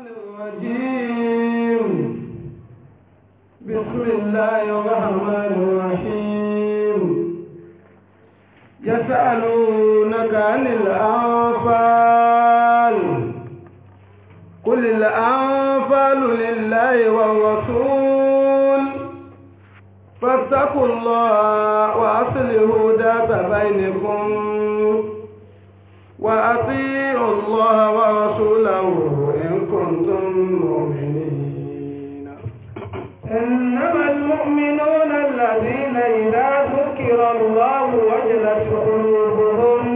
الرحمن بسم الله الرحمن الرحيم يسألونك عن الأنفال قل الأنفال لله والرسول فاتقوا الله وأصلحوا ذات بينكم وأطيعوا الله ورسوله إنما المؤمنون الذين إذا ذكر الله وجلت قلوبهم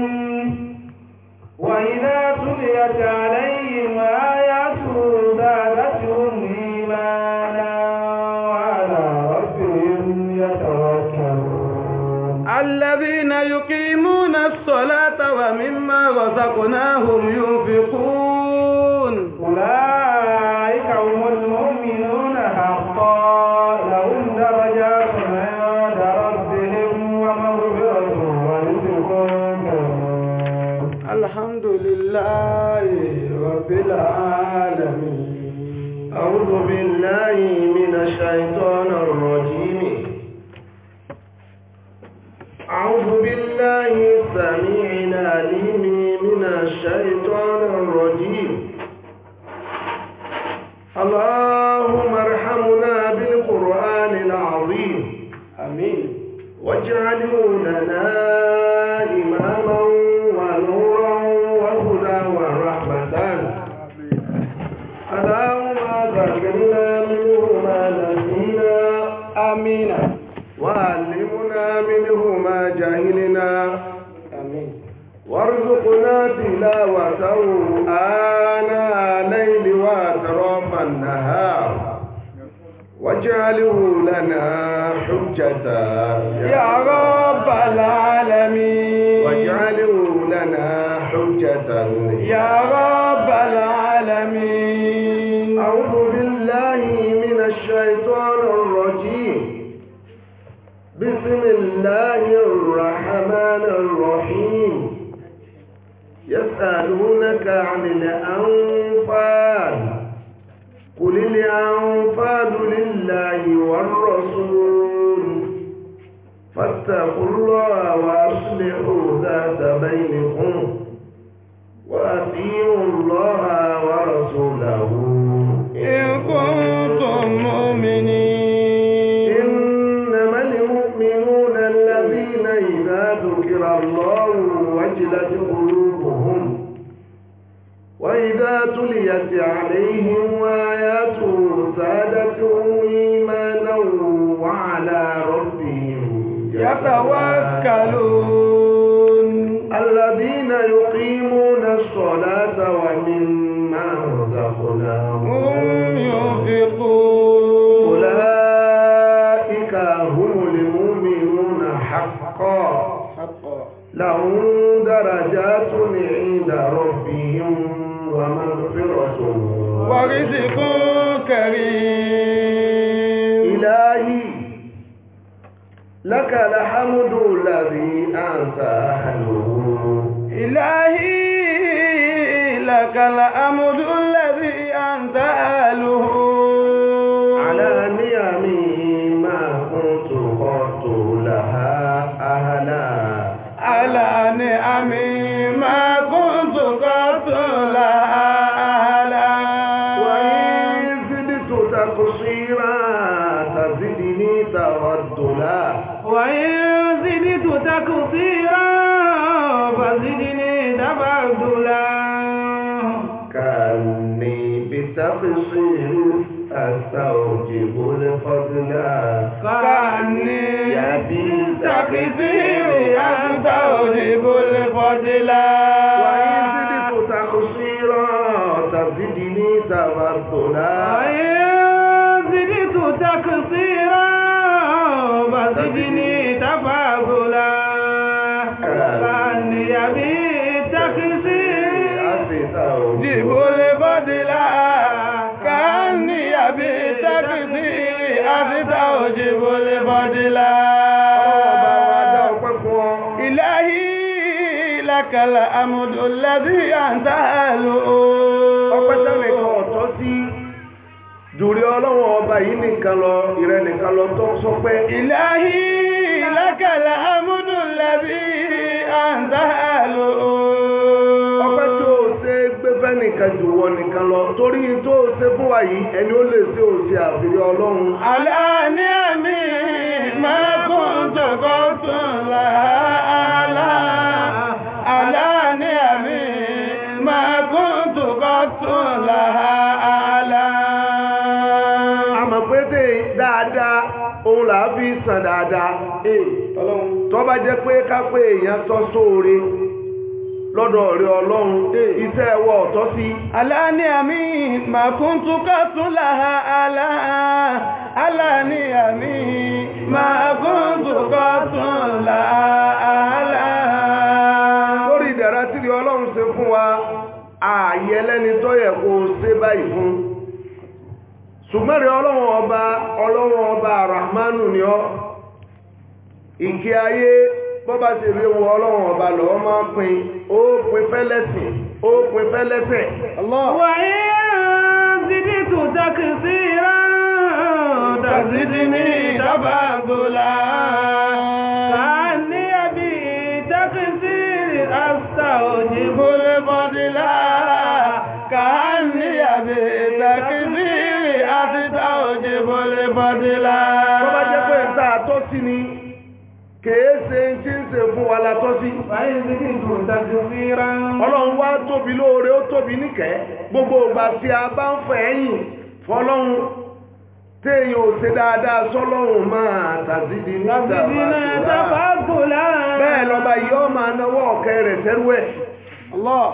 وإذا تليت عليهم آياته زادتهم إيمانا وعلى ربهم يتوكلون الذين يقيمون الصلاة ومما رزقناهم ينفقون بالله من الشيطان الرجيم أعوذ بالله السميع العليم من الشيطان الرجيم اللهم ارحمنا بالقرآن العظيم آمين واجعله لنا واجعله لنا حجة يا رب العالمين واجعله لنا حجة يا رب العالمين أعوذ بالله من الشيطان الرجيم بسم الله الرحمن الرحيم يسألونك عن الأنفال قل الأنفال فاتقوا الله وأصلحوا ذات بينكم وأطيعوا الله ورسوله إن كنتم مؤمنين إنما المؤمنون الذين إذا ذكر الله وجلت قلوبهم وإذا تليت عليهم ورزق كريم إلهي لك الحمد الذي أنت أهله إلهي لك الحمد الذي أنت أهله de la kàlà àmùdù lẹ́bí àǹtàlù ọpẹ́ sẹ́nì kan ọ̀tọ́ sí dùrí ọlọ́wọ́ ọba yìí nìkan lọ ìrẹ́ nìkan lọ tó sọ pé ìlàhí lákàlà àmùdù lẹ́bí àǹtàlù ọpẹ́ tó o ṣe gbé fẹ́ nìkan jù wọ nìkan lọ torí tó ṣe fún wa yìí ẹni ó lè ṣe òṣè àfihàn ọlọ́run. àlá ní àmì máa kún tọkọ tún láàá. la fi sàn dáadáa tó bá jẹ́ pé ká pé èèyàn tọ́ sóore lọ́dọ̀ rẹ ọlọ́run iṣẹ́ ẹwọ́ ọ̀tọ́ sí. aláàní àmì màkúntúkà tún láha alá àmì màkúntúkà tún láha alá. lórí tí ọlọ́run ṣe fún wa ààyè ẹlẹ́ni yẹ kó ṣe báyìí fún. ṣùgbọ́n rẹ̀ ọlọ́wọ́n ọba ọlọ́wọ́n ọba rahmanu ni ọ́ ìkẹ́ ayé bọ́bá ṣe rí owó ọlọ́wọ́n ọba lọ́wọ́ máa pin ó pin fẹ́lẹ́sìn ó pin fẹ́lẹ́sẹ̀ wàyí zidi tó dákì sí ìrán dàzídì ní ìdábàgbòlá bọ́lé bọ́dílá. tó bá jẹ́ pé nta àtọ́ sí ni kèé ṣe ń tí ń ṣe fún wa látọ́ sí. báyìí ní kí n tó dájú sí rán. ọlọ́run wá tóbi lóore ó tóbi níkẹ́ gbogbo ìgbà tí a bá ń fẹ́ yìn fọlọ́run téèyàn ò ṣe dáadáa sọ́lọ́run máa tàbídì ní ìdàgbàsókè. bẹ́ẹ̀ lọ́ba yìí máa náwó ọ̀kẹ́ rẹ̀ tẹ́rú ẹ̀. Allah.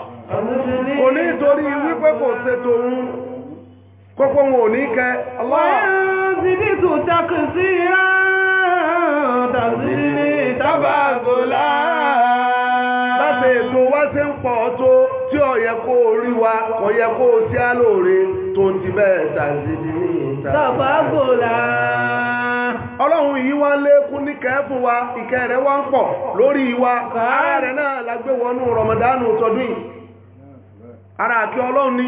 onítorí wípé kò ṣe tòun. kókó wọn ò ní kẹ láti ètò wá sí ń pọ̀ tó tí ọ̀yẹ kó rí wa kò yẹ kó sí á lóore tó ti bẹ́ẹ̀ tàzìdì ní ọlọ́run yìí wá lékún ní wa ìkẹ́ rẹ̀ wá lórí wa náà lágbé wọnú rọmọdánù tọdún yìí ara àti ọlọ́run ni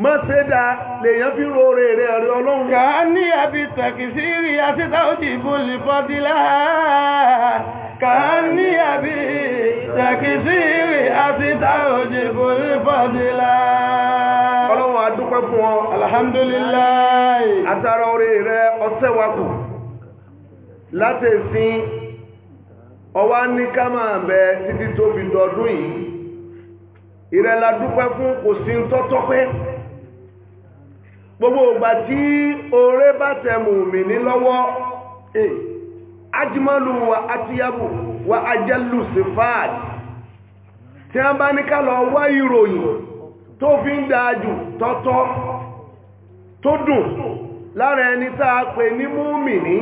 má ṣe dá lèyàn fi ro rè rẹ̀ rẹ̀ ọlọ́run. kà ní àbí tàkìsírì àti táwọ́jì ìbòsì fọ́dílà. kà ní àbí tàkìsírì àti táwọ́jì ìbòsì fọ́dílà. ọlọ́run a fún ọ. alhamdulilayi. àtàrà orí rẹ ọ̀sẹ̀ wa kù láti sin ọwá ní ká máa bẹ títí tó dọdún yìí ìrẹ́lá dúpẹ́ fún kò sí tọ́tọ́pẹ́. gbogbo ìgbà tí oore bá tẹ mùmíní lọ́wọ́ ajimalu wa atiyabu wa ajalu sifad tí a bá ní kálọ̀ lọ wá ìròyìn tó fi ń dájú tọ́tọ́ tó dùn lára ẹni táa ní mùmíní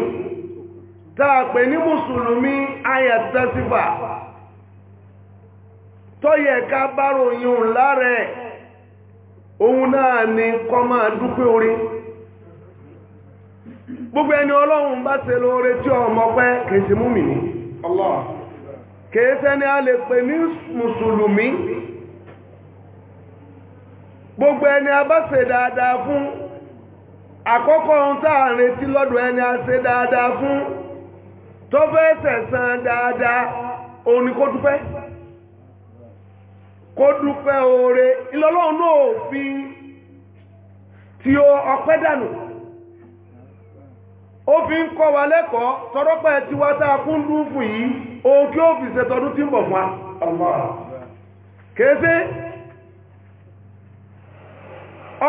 táa pè ní mùsùlùmí ayatasifa tó yẹ ká bá ròyìn lára ẹ̀ òun náà ni kọ́ máa dúpẹ́ orin gbogbo ẹni ọlọ́run bá ṣe lóore tí ọmọ pẹ́ kèsì mú mi kèsẹ́ ni a lè pè ní mùsùlùmí gbogbo ẹni a bá ṣe dáadáa fún àkọ́kọ́ ohun táà ń retí lọ́dọ̀ ẹni a ṣe dáadáa fún tó fẹ́ sẹ̀san dáadáa òun ni kó dúpẹ́ kó dúpẹ́ oore ìlọ́lọ́run náà fi tí ó ọpẹ́ dànù ó fi ń kọ́ wa lẹ́kọ̀ọ́ tọ́rọ́pẹ́ tí wá tá a fún yìí ohun kí ó fi tí ń bọ̀ fún kéèsé kí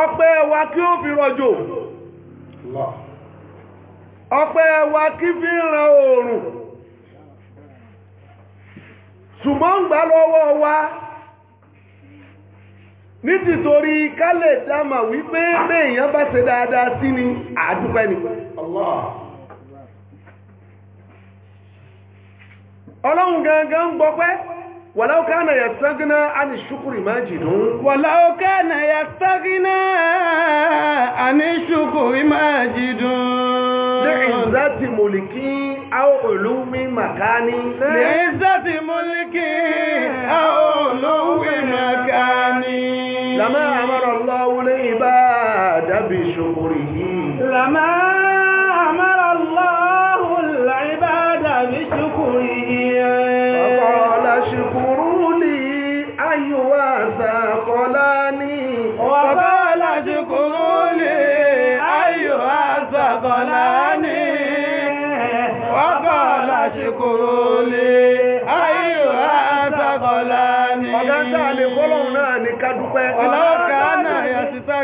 ó fi ọpẹ́ wa kí fi oòrùn ṣùgbọ́n gbà lọ́wọ́ wa nítìtorí ká lè dámà wípé èyàn bá se dáadáa sí ni àdúpẹ́ ni ọlọ́run gangan ń gbọ́pẹ́ wàláwó káànà yà a na máa jìnú yà a ní máa jìnú ní ìzáti mùlìkí àwọn لما أمر الله العباد بشكره لما أمر الله العباد بشكره فقال شكروني لي أيها ثقلاني وقال شكروني لي أيها ثقلاني وقال شكروني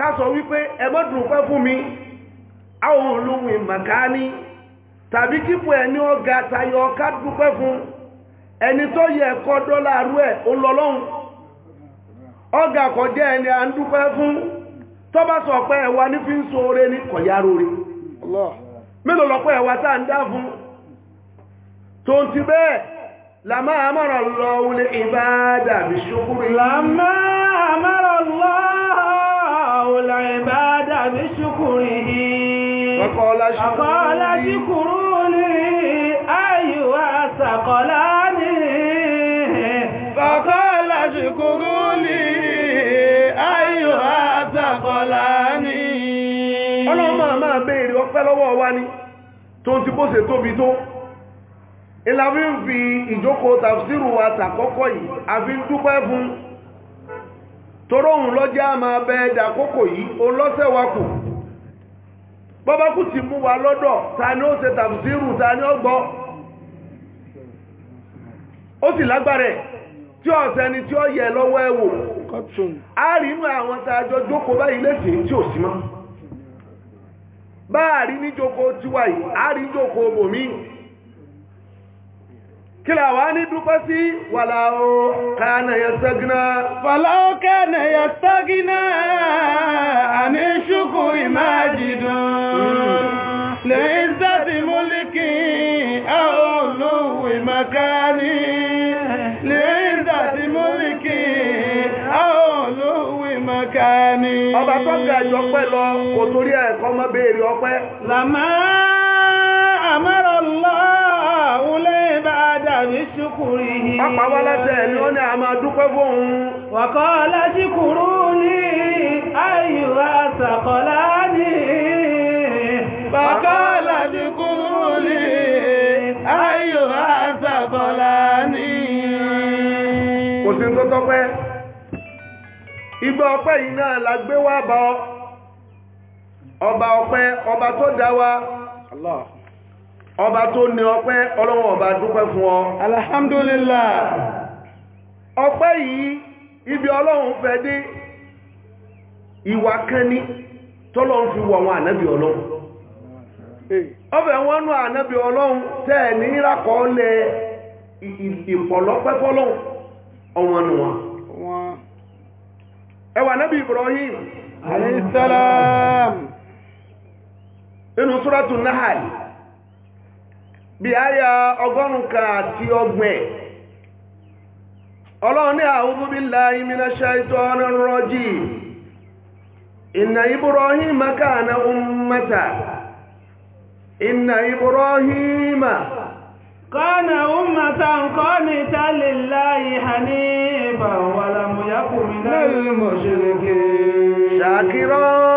ká sọ wípé ẹgbọ́dùn pẹ́ fún mi àwọn olóhùn ìmàkáání tàbí kíkọ ẹni ọ̀gá tayọ ká dúpẹ́ fún ẹni tó yẹ ẹ̀kọ́ dọ́là rú ẹ̀ olọ́lọ́hun ọ̀gá kọjá ẹni à ń dúpẹ́ fún tó bá sọ pé ẹwà ní fi ń so oore ní kọ̀yáró rẹ̀ mélòó lọ́pọ̀ ẹwà tá العباد بشكره وقال شكروني أيها ثقلاني فقال شكروني أيها ثقلاني ọlọ́mọ máa béèrè ọpẹ́ lọ́wọ́ wa ni tó ti bó ṣe tóbi tó ìlàfí ń fi ìjókòó tàfsírù wa tàkọ́kọ́ yìí àfi ń dúpẹ́ fún un toróhùn lọ́jọ́ a máa bẹ ẹ̀dà koko yìí o lọ́sẹ̀ wa kù ti mú wa lọdọ ta ni ó ṣe tàbùsírù ta ni ó gbọ ó sì lágbára ẹ̀ tí ni tí ó yẹ lọ́wọ́ ẹ̀wò a rí inú àwọn tààjọ jókòó báyìí lẹ́sìn tí ò sí mọ́ bá a rí tiwa yìí rí kílà wá ní dúpẹ́ sí wàláwó kánà yẹ sẹ́gínà wàláwó kánà yẹ sẹ́gínà àní ṣùkú ìmájìdùn hmm. lè ìzẹ́dì múlìkì àolúwì makani lè ìzẹ́dì múlìkì àolúwì makani ọba tó ga ìjọpẹ́ lọ kò torí ẹ̀kọ́ mọ́ béèrè ọpẹ́ làmáà ní ṣukúrì yìí. Pápá wá láti ẹ̀mí ó ní a máa dúpẹ́ fóun. Wàkọ́ láti kúrú ní àyùwá sàkọ́lá ní. Wàkọ́ láti kúrú ní àyùwá sàkọ́lá ní. ọpẹ́ yìí náà la gbé wá bá Ọba ọpẹ́, ọba tó dá Allah. ọba tó ní ọpẹ́ ọlọ́wọ́ ọba dúpẹ́ fún ọ alhamdulillah ọpẹ́ yìí ibi ọlọ́run fẹ́ dé ìwà kan ní fi wọ àwọn ànábì ọlọ́run ọbẹ̀ wọn nú ànábì ọlọ́run tẹ́ ní ìràkọọ́lẹ̀ ìpọ̀lọ́pẹ́ fọ́lọ́run nù wọn ẹwà ànábì Ibrahim alayhi inú bí àyà ọgọ́rùn-ún kan àti ọgbọ̀n ọlọ́run ní a'udhu billahi minash shaitonir rajim inna ibrahima kana ummata inna ibrahima kana ummatan qanitan lillahi hanifan wa lam yaku minal mushrikin shakira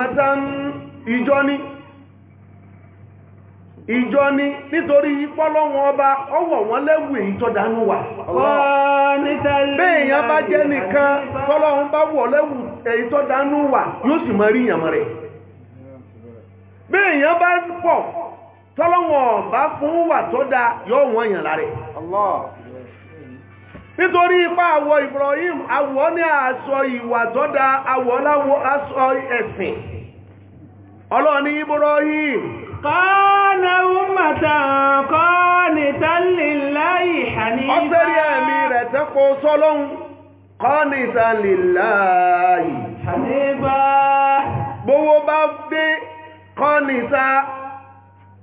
matan ìjọ ní ìjọ ní nítorí pọ́lọ́wọ́n ọba ọwọ̀ wọn lẹ́wù èyí tó dánú wà bẹ́ẹ̀yàn bá jẹ́ nìkan pọ́lọ́wọ́n bá wọ̀ lẹ́wù èyí tó dánú wà yóò sì mọ́ rí ìyàmọ́ rẹ̀ bẹ́ẹ̀yàn bá pọ̀ tọ́lọ́wọ́n bá fún wà tó dá yóò wọ́n yàn lárẹ̀ nítorí ipa àwọ̀ Ibrahim àwọ̀ ní àṣọ ìwà tọ́dá àwọ̀ láwọ̀ aṣọ ẹ̀sìn ọlọ́ni Ibrahim kọ́nà ummatan nita lillahi hanifa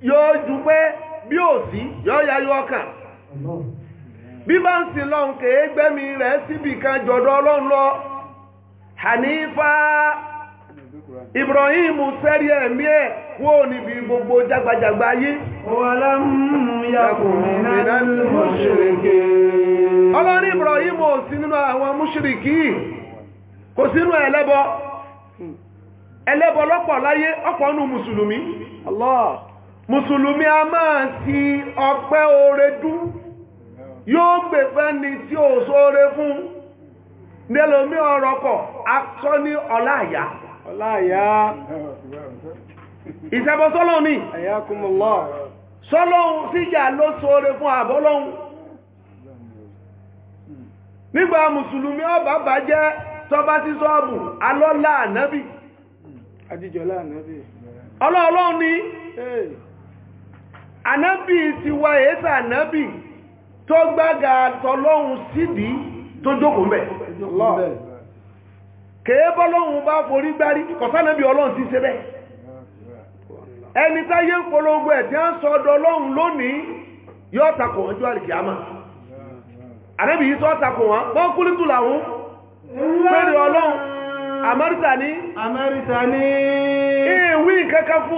yóò jù pé bí ò sí yóò yá yóò ọka. bí bá ń sin lọ́n kèé gbẹ́mi rẹ̀ síbi kan jọ̀dọ̀ ọlọ́run lọ hanifa ibrahim sẹ́rí ẹ̀mí ẹ̀ wó níbi gbogbo jágbajàgba yí ọlọ́run ibrahim ò sí nínú àwọn múṣìrìkì kò sínú ẹlẹ́bọ ẹlẹ́bọ lọ́pọ̀ láyé ọ̀pọ̀ nù mùsùlùmí mùsùlùmí a máa ti ọpẹ́ oore dún yóò gbèfẹ́ ni tí ò sóore fún nílòmí ọ̀rọ̀ kọ̀ akọ́ ní ọláàyá ọláàyá ìṣẹ́bọ sọ́lọ́ ní ayakumullah sọ́lọ́hun síjà ló sóore fún àbọ́lọ́hun nígbà mùsùlùmí ọba bàjẹ́ tọba sí sọ́ọ̀bù alọ́lá ànábì àjíjọlá ànábì ọlọ́ọ̀lọ́ ní ànábì ti wá èéṣà ànábì tó gbága tọlọ́hun síbi tó jókòó mẹ́ kèébọ́ lọ́hun bá forí gbárí kọ̀sánàbí ọlọ́run ti ṣe bẹ́ẹ̀ ẹni táyé ń polongo ẹ̀ tí a ń sọ ọdọ ọlọ́run lónìí yóò takò wọn jọ àlìkìyàmá àrẹ́bì yìí tó takò wọn wọ́n kúlí tù làwọn pẹ̀lú ọlọ́run amẹ́ríkà ní amẹ́ríkà ní ìwé ìkẹ́kẹ́ fún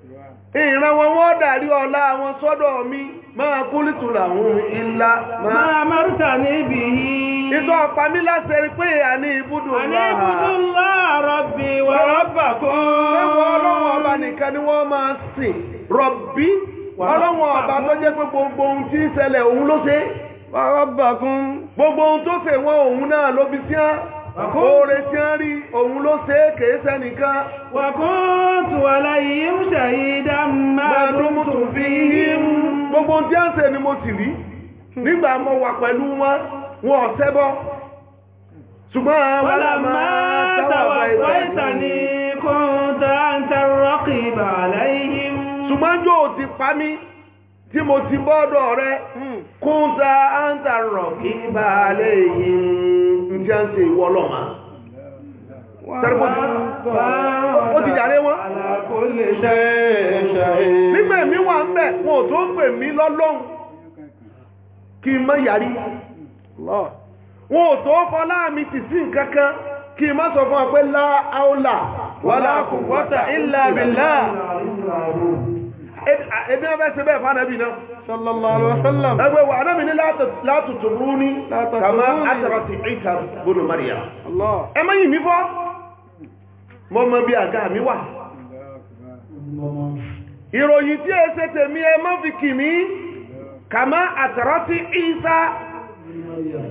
ìran wọn wọ́n dàrí ọlá wọn sọ́dọ̀ mi máa kú lítùlà òun ìlà máa márùtà níbi yìí ìtọ́ ọ̀pá mi láti ẹni pé à ní ibùdó láàrọ̀bì wà rọ́bà kún mẹ́wọ́ ọlọ́wọ́ ọba nìkan ni wọ́n máa sìn rọ̀bí ọlọ́wọ́ ọba tó jẹ́ pé gbogbo ohun tí ń ṣẹlẹ̀ òun ló ṣe wà rọ́bà kún gbogbo ohun tó fẹ́ wọn òun náà ló fi sí oore tí ń rí òun ló ṣe é kèé sẹ́nìkan wàkóòtù aláyé ń ṣàyí dámà lómùtù fi yín gbogbo tí a ń ṣe ni mo sì rí nígbà mo wà pẹ̀lú wọn wọn ò ṣùgbọ́n àwọn àmà tí mo ti bọ́dọ̀ rẹ hmm. áńtà rọ̀ kí bá a lè yí ń ṣe ìwọ ó ti jàre wọn nígbà mi wà ń bẹ̀ wọn ò tó ń pè mí lọ́lọ́hun kí n yàrí wọn ò tó fọlá mi sí kí mọ́ ebi ọba ẹsẹ bẹ́ẹ̀ fánàbí náà sallallahu alaihi wasallam ẹgbẹ́ wà náà mi ní látùtù kama atàràtì ìkà gbọdọ̀ maria ẹ mọ́ yìí mi fọ́ mọ́ mọ́ bí àga mi ìròyìn tí ẹ ṣe tèmi ẹ mọ́ fi kì mí kama atàràtì ìsà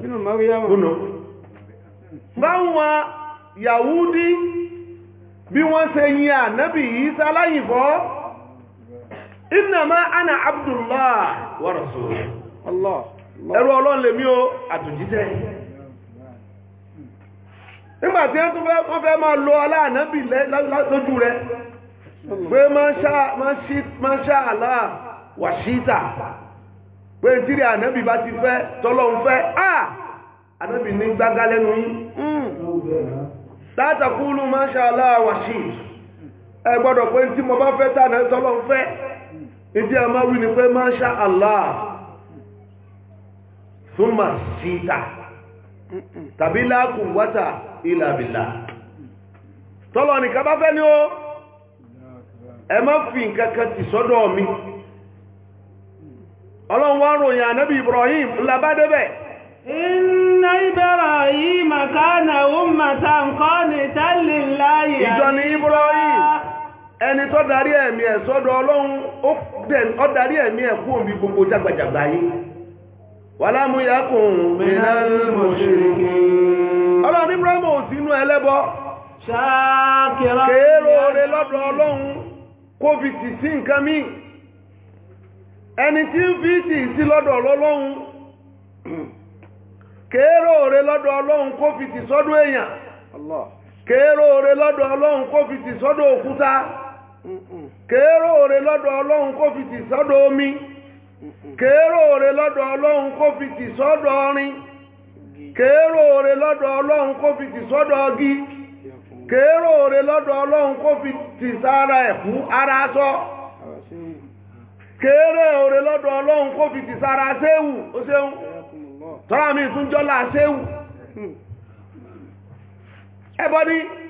gbọdọ̀ báwọn yahudi bí wọ́n ṣe yin ànábì Ìsá láyìnbọ́ innama ana abdullah wa rasul Allah ẹrú ọlọ́run lèmi o àtòjíṣẹ́ nígbà tí wọ́n fẹ́ máa lo aláàánábì lójú rẹ̀ pé máa ṣá àlá wà ṣíta pé tíri ànábì bá ti fẹ́ tọ́lọ́run fẹ́ ah ní gbága lẹ́nu yín látàkúlù máa ṣá àlá ìdí àmá wí ni pé sha Allah súnmà síta tàbí la quwwata illa billah tọ́lọ̀ nìkan bá fẹ́ ní ó ẹ má fi nǹkan kan ti sọ́dọ̀ mi ọlọ́run wá ròyìn ànábì Ibrahim labádẹ́bẹ̀ inna Ibrahim kana ummatan qanitan lillahi ìjọ ni ẹni tó darí ẹ̀mí ẹ̀ sọ́dọ̀ ọlọ́run ó darí ẹ̀mí ẹ̀ kú omi gbogbo jágbàjàgbà yìí wà lámúyàkùn mìíràn mọ̀ṣìrìkì ọlọ́run ní brahma ò sínú ẹlẹ́bọ kéèrò rẹ lọ́dọ̀ ọlọ́run covid sí nǹkan mí ẹni tí ń fi sí lọ́dọ̀ ọlọ́run kéèrò rẹ lọ́dọ̀ ọlọ́run covid sọ́dọ̀ èèyàn rẹ lọ́dọ̀ ọlọ́run covid kèérò òre lọ́dọ̀ ọlọ́run kó fi tì sọ́dọ̀ omi lọ́dọ̀ ọlọ́run kó fi tì sọ́dọ̀ ọrin kèérò òre lọ́dọ̀ ọlọ́run kó fi tì sọ́dọ̀ ọgí ọlọ́run kó fi tì sára ẹ̀fú ara sọ kèérò òre lọ́dọ̀ ọlọ́run kó fi tì sára séwù ó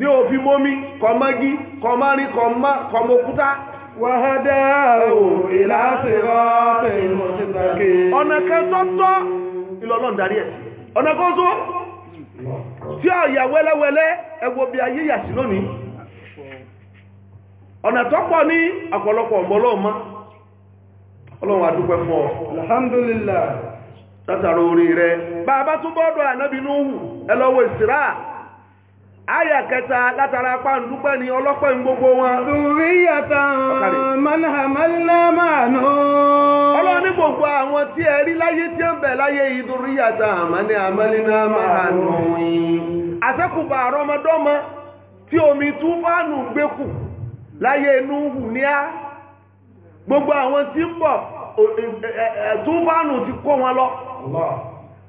ní òfin mómi kọmọ́gí kọmọ́rin kọmọ́kúta wàhádá ò ìlàsìrọ́ ọ̀nà kan ìlọ́lọ́n darí ẹ̀ ọ̀nà kan tó tí ó yà wẹ́lẹ́wẹ́lẹ́ ẹgbò bí ayé yà sí lónìí ọ̀nà tó pọ̀ ní ọ̀pọ̀lọpọ̀ ọ̀mọ́lọ́ọ̀mọ́ ọlọ́run alhamdulillah orí bàbá ìsìráà Ayà kẹta látara apá ń ni ọlọ́pẹ́ ń gbogbo wọn. Lórí yàtà mọ́nàmọ́nà nù. Ọlọ́run gbogbo àwọn tí ẹ rí láyé tí ń bẹ̀ láyé yìí lórí yàtà mọ́nàmọ́nà nù. Àṣẹ́kùbà àrọmọdọ́mọ tí omi túfánù gbẹ́kù láyé inú hù ní á. Gbogbo àwọn tí ń bọ̀ ti kó wọn lọ.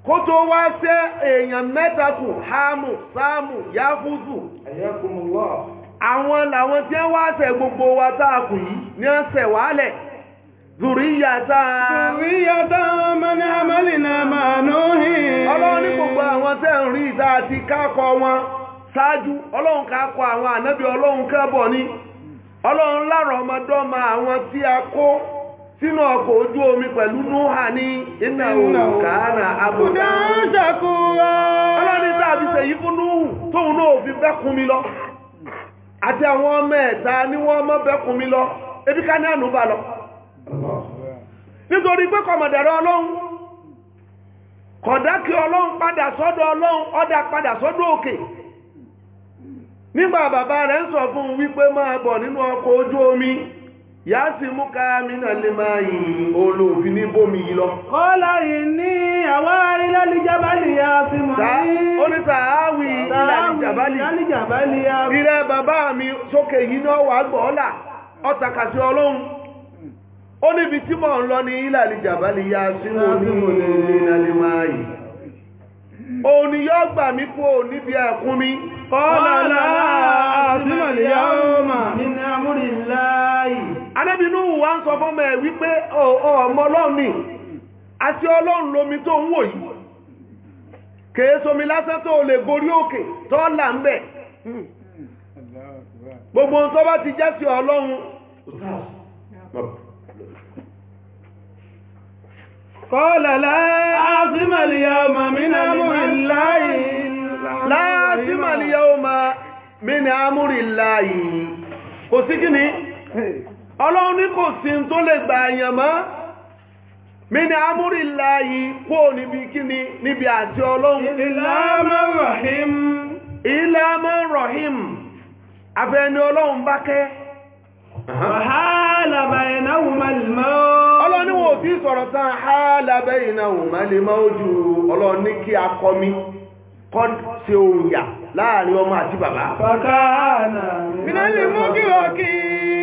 kó tó wá ṣe èèyàn mẹ́ta hamu samu yahudu àwọn làwọn tí wá gbogbo wa táa kù yìí ní ọ̀sẹ̀ wàálẹ̀ zùríyàtà zùríyàtà mẹ́ni àmàlìnà máa nóhì ọlọ́run ní gbogbo àwọn tẹ́ ń rí ìta àti kákọ wọn ṣáájú ọlọ́run kákọ àwọn ọlọ́run kẹ́bọ̀ ni ọlọ́run ọmọdọ́mọ àwọn tí sínú ọkọ̀ ojú omi pẹ̀lú núhà ní iná òkàánà abúdá ọlọ́ni tàbí sẹ̀yí fún núhù tóun náà fi bẹ́kún mi lọ àti àwọn ọmọ ẹ̀ta ni wọ́n mọ́ bẹ́kún mi lọ ebi ká ní ànúbà lọ nítorí pé ọlọ́run ọlọ́run padà sọ́dọ̀ ọlọ́run padà sọ́dọ̀ òkè nígbà bàbá rẹ̀ ń sọ fún wípé máa bọ̀ nínú omi yá sí mú káàmínà lè máa yìn olóòfin ní bómi yìí lọ. kọ́lá yìí ní àwárí lálìjábálì yá sí mọ̀ ní. ó ní sàáwì lálìjábálì ìrẹ́ bàbá mi sókè yìí náà wà gbọ́ọ́là ọ̀tàkà sí ọlọ́run. ó níbi tí mò ń lọ ní lálìjábálì yá sí mọ̀ ní lálẹ́ máa yìn. òun ni yóò gbà mí kú òun níbi ẹ̀kún mi. kọ́lá láàá àtúmọ̀lẹ́yà ó mà nínú amúrìnláyìí alẹ́bìnú wa ń sọ fọ́mọ̀ ẹ̀ wípé ọmọ ọlọ́run ni àti ọlọ́run lomi tó ń wò yìí kèé somi lásán tó lè gorí òkè tó là ń bẹ̀ gbogbo tó bá ti jẹ́ sí ọlọ́run kọ́lẹ̀ láàásímàlìyà ọmọ mínà amúrìláyìí kò sí kí ni ọlọ́run ní kò sí tó lè gbà èèyàn mọ́ mi ni amúrìlá yìí kó níbi kíni níbi àti ọlọ́run ìlàmọ́ rọ̀hìm ọlọ́run bá kẹ́ ọlọ́run ní wọ́n fi sọ̀rọ̀ tán ojú ọlọ́run akọmi kọ́ mi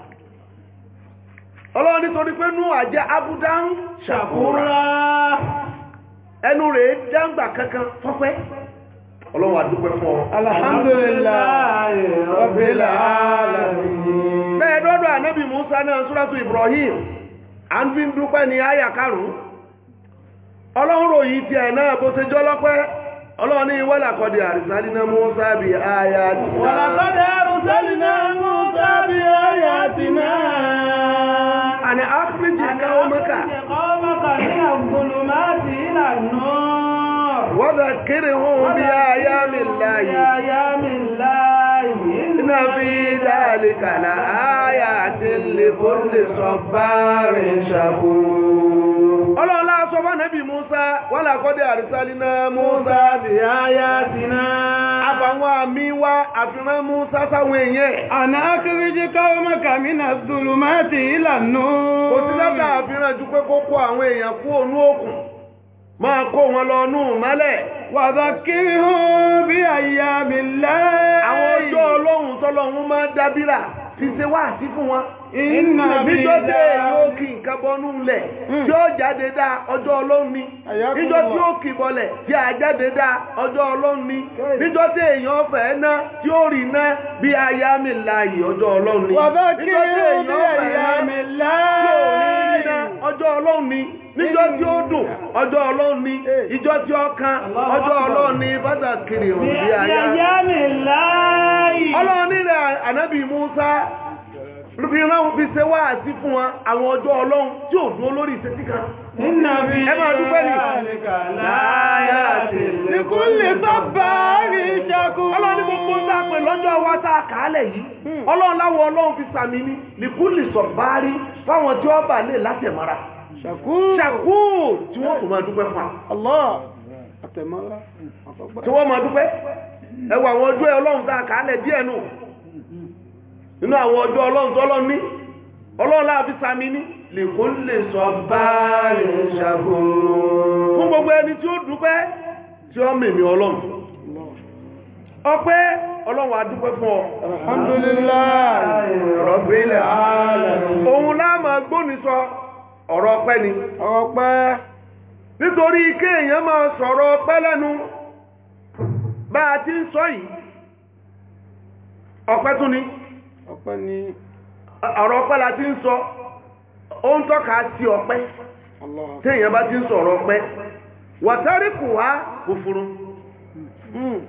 ọlọ́run nítorí pé nú àjẹ́ abúdán ṣàkúrá ẹnu rẹ̀ dáńgbà kankan tọ́pẹ́ ọlọ́run àdúpẹ́ fún ọ alhamdulillah rabbil alamin bẹ́ẹ̀ dọ́dọ̀ ànábì musa náà súrátù ibrahim a dúpẹ́ ní àyà karùn-ún ọlọ́run ròyìn ti ẹ̀ náà bó ṣe ọlọ́run ní musa bí àyà musa bí àyà أنا أخرج قومك قومك من الظلمات إلى النور وذكرهم بأيام الله بأيام الله إن في ذلك لآيات لكل صبار شكور Ọlọ́run la sọ fún Ànábì Mùsá, wọ́n làkọ́dẹ̀ àrísálínà Mùsá bí áyá sí náà. ba wa ami wa afinan mu sasa won eyan ana akiriji ka o ma ka mina zulumati ilanu o ti da ka ju pe koko awon eyan ku onu okun ma ko won lo nu male wa zakihu bi ayyamillah awon jo olohun to lohun ma dabira ti se wa ti fun ìnà bí tó dé yóò kí nǹkan bọ́nú lẹ̀ hmm. tí ó jáde dá ọjọ́ ọlọ́run ni níjọ́ tí ó kì tí a jáde dá ọjọ́ ọlọ́run ni níjọ́ tí èèyàn fẹ́ na tí ó bí aya mi ọjọ́ ọlọ́run ọjọ́ ọjọ́ ọlọ́run ọjọ́ ọlọ́run lóbìnrin fi ṣe wá àti fún wa àwọn ọjọ́ ọlọ́run tí ò dúró lórí ìṣẹ́sí kan ọlọ́run gbogbo hmm. ọlọ́run fi sàmì ní ìkúnlé sọ̀bà fáwọn tí wọ́n bà lè látẹ̀mọ́ra ṣàkú tí wọ́n tó máa dúpẹ́ fún wa tí wọ́n máa dúpẹ́ ẹwà àwọn ọjọ́ ọlọ́run tá kàálẹ̀ díẹ̀ nù nínú àwọn ọjọ́ ọlọ́run ní ọlọ́run láàbí sami ní lè kó lè sọ báyìí ṣàkó fún gbogbo ẹni tí ó dúpẹ́ tí ó mèmí ọlọ́run ọpẹ́ ọlọ́run a fún ọ ọ̀rọ̀ ọpẹ́ ni ọpẹ́ nítorí máa sọ̀rọ̀ ọpẹ́ lẹ́nu bá a ti ń sọ yìí ọpẹ́ ọpẹ́ ní. ọ̀rọ̀ ọpẹ́ la ti ń sọ ó tọ́ka sí bá ti ń sọ̀rọ̀ ọpẹ́ wàtẹ́rì kù hmm. wá òfurun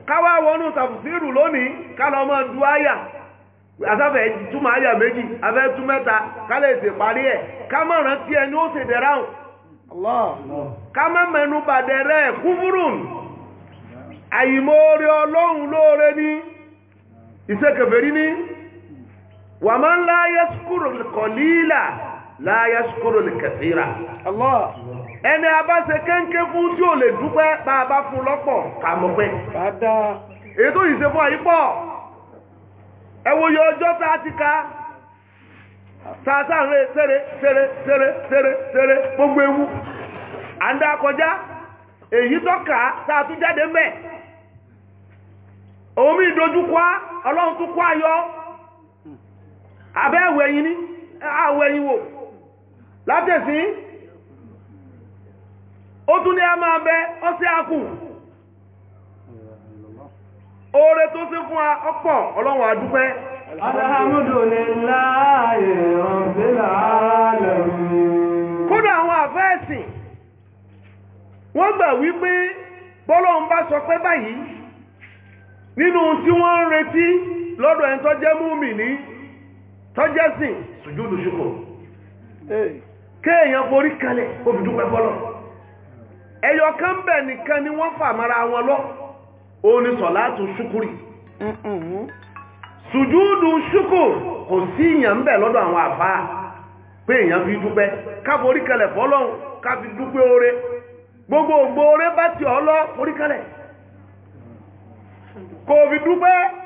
káwá wọnú tàfùsírù lónìí kálọ̀ ọmọ du àyà asáfẹ́ túmọ̀ àyà méjì afẹ́ tú mẹ́ta kálẹ̀ parí ẹ̀ ká rántí ẹni ó ká mẹ́nu bàdẹ̀rẹ̀ kúfúrùn àyìmọ́ ọlọ́run lóore ní ومن لا يشكر القليل لا يشكر الكثير الله ẹni abáṣe kéńké fún tí ò lè dúpẹ́ bá a bá fún lọ́pọ̀ ká mọ̀ pé. ètò ìṣèfún àyí pọ̀ ọjọ́ tá a ti ka gbogbo ewu à ń dá kọjá èyí tá a tún jáde mẹ́ òun mi abẹ́ àwọ̀ ẹ̀yìn ní àwọ̀ ẹ̀yìn wò látẹ̀sí ó tún ní a máa bẹ ọ́sẹ́ àkù oore tó sí fún ọ̀pọ̀ ọlọ́run àdúpẹ́ alhamdulillahi rabbil alamin kódà àwọn àfẹ́ẹ̀sìn wọ́n gbà wípé bọ́lọ́run bá sọ pé báyìí nínú tí wọ́n ń retí lọ́dọ̀ ẹ̀ntọ́ jẹ́ múmi ní tọ́jẹ́sìn sùjúdù ṣùkò kéèyàn forí kalẹ̀ obìdúpẹ́ bọ́lọ̀ ẹyọ kan bẹ̀ nìkan ni wọ́n fà mara wọn lọ òun ni sọ̀látù ṣùkúrì kò sí ìyàn bẹ̀ lọ́dọ̀ àwọn àbá pé fi dúpẹ́ ká forí kalẹ̀ fi dúpẹ́ oore gbogbo ògbó oore bá ti ọ lọ fi dúpẹ́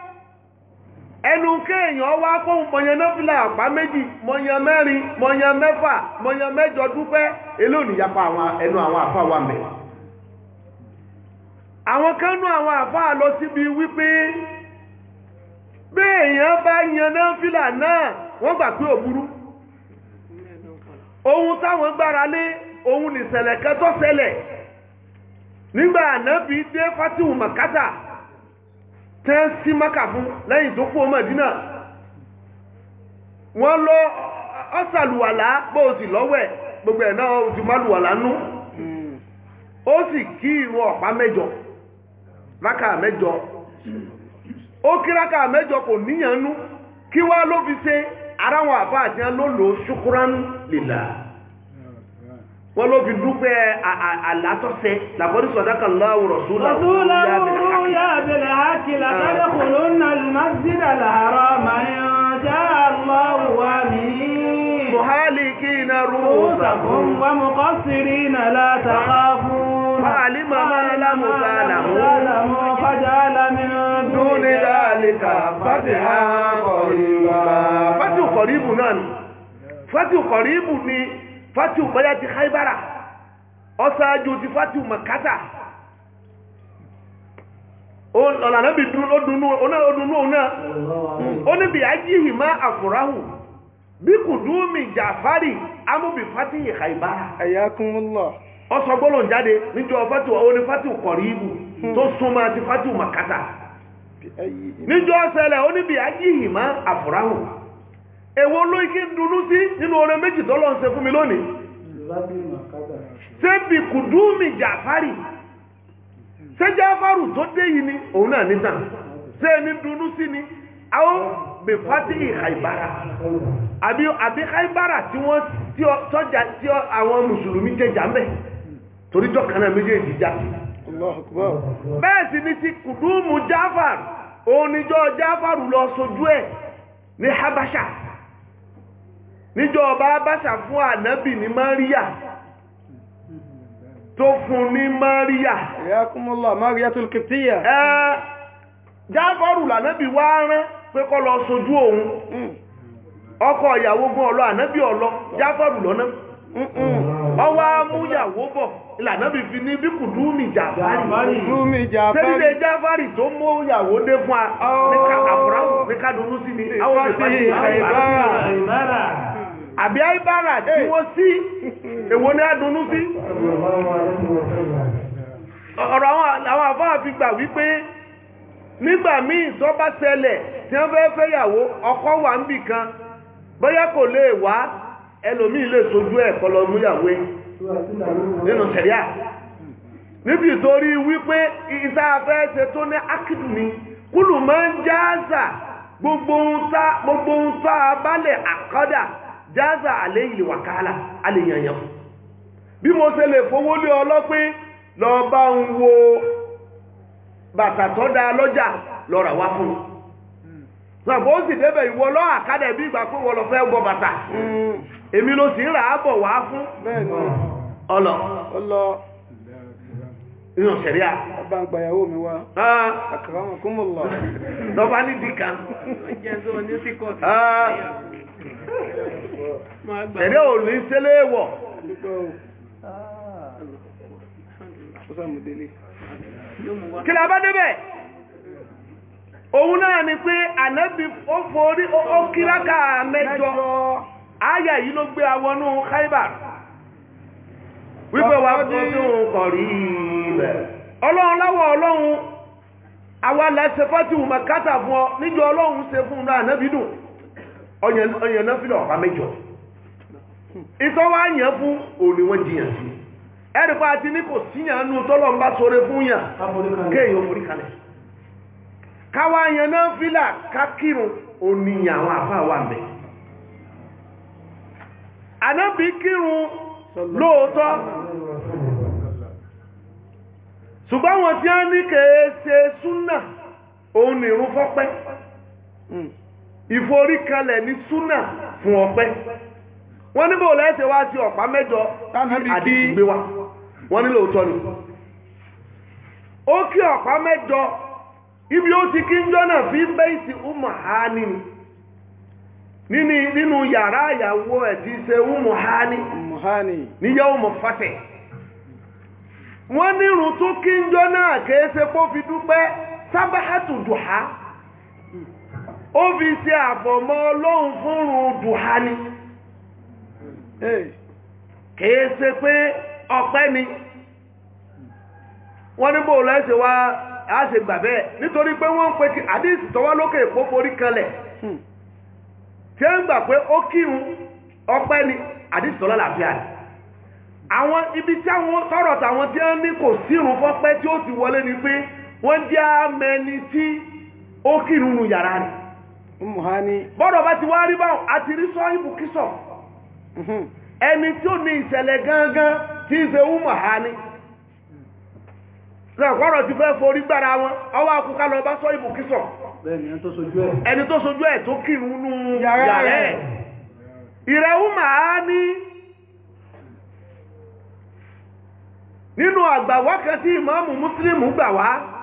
ẹnu kéèyàn wá kó mọyàn nọ́fìlà àpá méjì mọyàn mẹ́rin mọyàn mẹ́fà mọyàn mẹ́jọ dúpẹ́ èló nìyapa àwọn ẹnu àwọn wa mẹ́. àwọn kanu awọn àwọn àfa lọ síbi wípé béèyàn bá yan náà wọ́n gbà pé òburú ohun táwọn gbára lé ohun nìṣẹ̀lẹ̀ kẹtọ́ ṣẹlẹ̀ nígbà ànábì dé tẹ́ sí maka fún lẹ́yìn tó kú Mẹdínà wọ́n lọ ọ́sàlùwàlá pé o sì lọ́wẹ̀ gbogbo ẹ̀ náà o ti má lùwàlá nú ó sì kí ìrun ọ̀pá mẹ́jọ maka mẹ́jọ ó mẹ́jọ kò kí wá wọ́n ló fi dúpẹ́ àlátọ́sẹ́ làbọ́dí sọ̀dáka láwùrọ̀ rọ̀súlà yàbẹ̀lẹ̀ àkì látàrẹ kòló nà lùmásídà làárọ̀ mayànjá aláwùwà mi mọ̀hálìkì na rúrùsàkùn wà mọ̀kọ́sìrì na látàrà fún fàálìmọ̀ máa lámùsàlàmù fàjálà mi fatihu baya ti haibara ọ̀sáájú ti fatihu makata ọ̀là náà bí dunú òun náà ó níbi ajíhì má àfúráhù bí kù dúmi jàfárì amúbi fatihi haibara ẹ̀yàkúnlọ̀ ọ̀sọ̀ gbọ́lọ̀ jáde níjọ́ fatihu ó ní fatihu kọ̀ríbù hmm. tó súnmọ́ ti fatihu makata níjọ́ ọ̀sẹ̀lẹ̀ ó níbi ajíhì má àfúráhù èwo ló kí ń dunú sí nínú oore méjì tọ́lọ́ ń ṣe fún mi lónìí sẹ́bi kùdúmi jàfárì sẹ́jáfárù tó dé yìí ni òun náà níta sẹ́ni dunú sí ni àwọn bèfàtì ìhàìbára àbí àbíháìbára tí wọ́n tọ́jà tí àwọn mùsùlùmí jẹjà ń bẹ̀ torí jọ́kànnà méjèèjì já bẹ́ẹ̀ sì ni ti kùdúmù jáfàrù òun níjọ́ jáfàrù lọ sojú ẹ̀ ní habasha níjọ́ ọba abáṣà fún ànábì ní Maria tó fún ní Maria ẹ̀yàkúnmọ́lá Maria tó kìtíyà ẹ́ jágọ́rù lànábì wá rán pé kọ́ lọ sojú òun ọkọ ìyàwó gún ọlọ ànábì ọlọ jágọ́rù lọ́nà ọwọ́ amúyàwó bọ̀ ìlànàbì fi ní bí kùdúmì jàfárì tẹ́lẹ̀ tó mú ìyàwó dé fún a oh. ní àbúráwò ní àbí àìbára tí wọ́n sí èwo ní àdúnú sí ọ̀rọ̀ àwọn àfáà fi gbà wípé nígbà míì tó bá tí wọ́n fẹ́ fẹ́yàwó ọkọ wà ń bì kan bóyá kò lè wá ẹlòmíì lè sojú ẹ̀ kọ́ to nínú sẹ̀ríà níbi ìtorí wípé afẹ́ ṣe gbogbo ohun tá a jáza àlẹ́ ìlú wàkálà a lè bí mo ṣe lè fowó lé ọlọ́pín lọ bá ń wo bàtà tó da lọ́jà lọ́ra wá fún sọ̀bọ̀ ó sì débẹ̀ ìwọ lọ́ àkádẹ̀ bí ìgbà pé wọ́n lọ fẹ́ gbọ́ bàtà èmi á bọ̀ wá ọlọ inú ẹ̀rẹ́ ò ní sẹ́lẹ̀ wọ̀ kí la bá débẹ̀ òun náà ni pé ànábì ó forí ó kíráka mẹ́jọ ayà yìí ló gbé awọnú Khaibar wípé wà fọ́dún kọ̀rí ibẹ̀ ọlọ́run láwọ̀ ọlọ́run àwọn alẹ́sẹ̀fọ́tì wùmọ̀kátà fún ọ níjọ ọlọ́run ṣe fún un náà ànábì dùn onye náà fi ọ̀pá mẹ́jọ ìtọ́ wá yàn fún òníwọ̀n jiyàn sí ẹ̀rìpá àti ní n'iko síyàn nú tọ́lọ̀ ń bá sọ́rẹ́ ya yàn kéèyàn forí kalẹ̀ káwá yàn náà fílà kákírun oníyàn àwọn àfáà wà mẹ́ ànábì kírun lóòótọ́ ṣùgbọ́n wọn a ìforíkalẹ̀ ní súnà fún ọpẹ́ wọ́n níbò lẹ́ẹ̀ṣẹ̀ wá sí ọ̀pá mẹ́jọ àti wa wọ́n nílò òótọ́ ni ó kí ọ̀pá mẹ́jọ ibi ó ti kí ń fi bẹ́ẹ̀sì umu ha ni nínú yàrá ìyàwó ẹ̀ ti ṣe umu hani níyà umu fatẹ̀ wọ́n nírun tó kí ń jọ́nà kèése pó fi dúpẹ́ ó si ṣe àfọ̀mọ́ ọlọ́run fúnrun dùhá ni ṣe pé ni wọ́n ní bóòlù ẹ̀ṣẹ̀ wá á ṣe gbà bẹ́ẹ̀ nítorí pé wọ́n ń pe kí àdíṣì tọ́wọ́ lókè èkó kanlẹ̀ hmm. tí ó ń gbà pé ó kírun ọpẹ́ ni àdíṣì tọ́lá ibi tí àwọn sọ̀rọ̀ tàwọn tí wọ́n ní kò sírun tí ó ti wọlé ni pé wọ́n jẹ́ amẹni tí ó kírun bọ́dọ̀ bá ti wá rí báwọn àti rí sọ ibùkísọ̀ mhm. ẹni tí ó ní ìṣẹ̀lẹ̀ gangan tí ń ṣe ń mọ̀ ha ní lọ́pọ̀rọ̀ ti fẹ́ forí gbára wọn ọwọ́ akúká lọ bá sọ ẹni tó sojú ẹ̀ tó kírun nú ha ní nínú kan tí mùsùlùmù gbà wá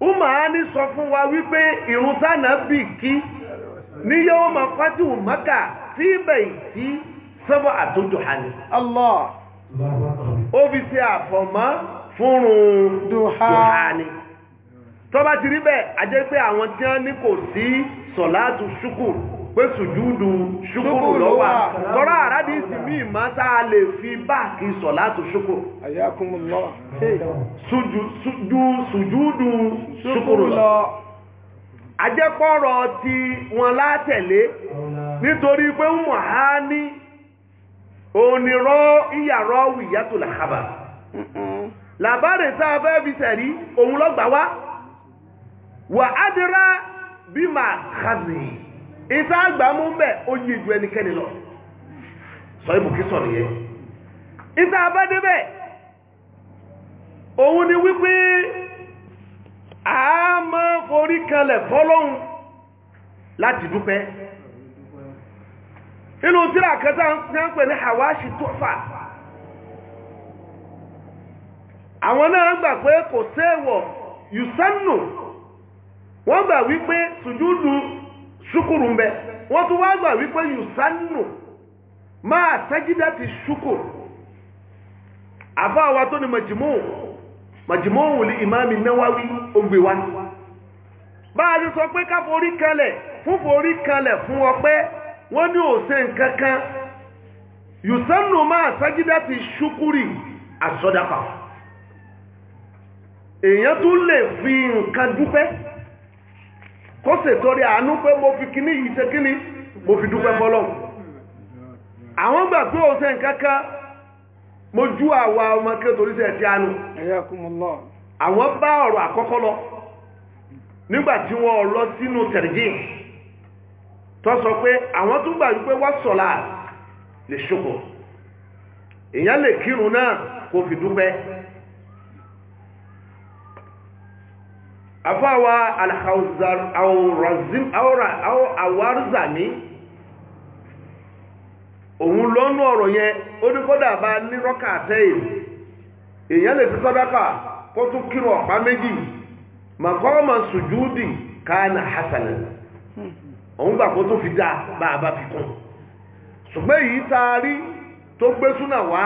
Umaani sọ fún wa wípé na tánàbì kí ní yóò máa fájú mọ́kà tí bẹ̀yì tí sọ́bọ̀ àtòjò hàní. Allah ó fi ṣe àfọ̀mọ́ fúnrun dùhání. Tọ́bá ti rí bẹ́ẹ̀, pé àwọn tí wọ́n ní kò sí ṣúkùrù pé sùjúdù ṣúkúrù lọ́wà tọ́rọ àrádìsì mí ma táa lè fi báàkì sọ láti ṣúkúrù sùjúdù ṣúkúrù lọ ajẹ́pọ̀rọ̀ ti wọn látẹ̀lé nítorí pé ń mọ̀ á ní onírọ́ ìyàrọ́ ìyàtò làkàbà làbárè tá a fẹ́ fi sẹ̀rí òun lọ́gbà wá wà á dira bí màá kàzìí isa agba mú mbẹ ó yí ju lọ sọ ibùkí sọ̀rọ̀ yẹn ìta abẹ́dẹ́ bẹ́ẹ̀ ni wípé a ma forí kalẹ̀ fọ́lọ́hun láti dúpẹ́ inú tíra kẹta ń pè ní hawashi tufa àwọn náà gbà pé kò séèwọ̀ yusannu wọ́n gbà wípé sùjúdù ṣukuru mbẹ wọn tún wá gbà wípé yusanu máa sẹ́jídá ti ṣukuru àfáà wa tó ni màjìmọ́ màjìmọ́ òun lè ìmáàmì náwáwí ma wa bá a ti sọ pé ká forí kalẹ̀ fún forí kalẹ̀ fún ọpẹ́ wọ́n ní òsè nǹkan kan yusanu máa sẹ́jídá ti ṣukuri àsọdàpà èèyàn tún lè fi nǹkan dúpẹ́. kó sì torí àánú pé mo fi kíní yìí ṣe kíní mo fi dúpẹ́ fọlọ́ àwọn gbà pé ó ṣe nǹkan mo ju àwa ọmọ kí torí ṣe ti àánú àwọn bá ọ̀rọ̀ àkọ́kọ́ lọ nígbà tí wọ́n lọ sínú tẹ̀rìjì tó sọ pé àwọn tún gbà wípé wá sọ̀la lè ṣokò èèyàn lè kírun náà kó fi dúpẹ́ afawa alhauzar aurazim awarzami òun lọ́nú ọ̀rọ̀ yẹn ó ní kódà bá nírọ́kà àtẹ́yìn èèyàn lè ti sọ́dápà kó tún kírun ọ̀pá méjì màkọ́ọ̀mà sùjúdì káànà hasan òun gbà kó tún fi dá bá fi kún ṣùgbọ́n èyí tá a rí tó gbé súnà wá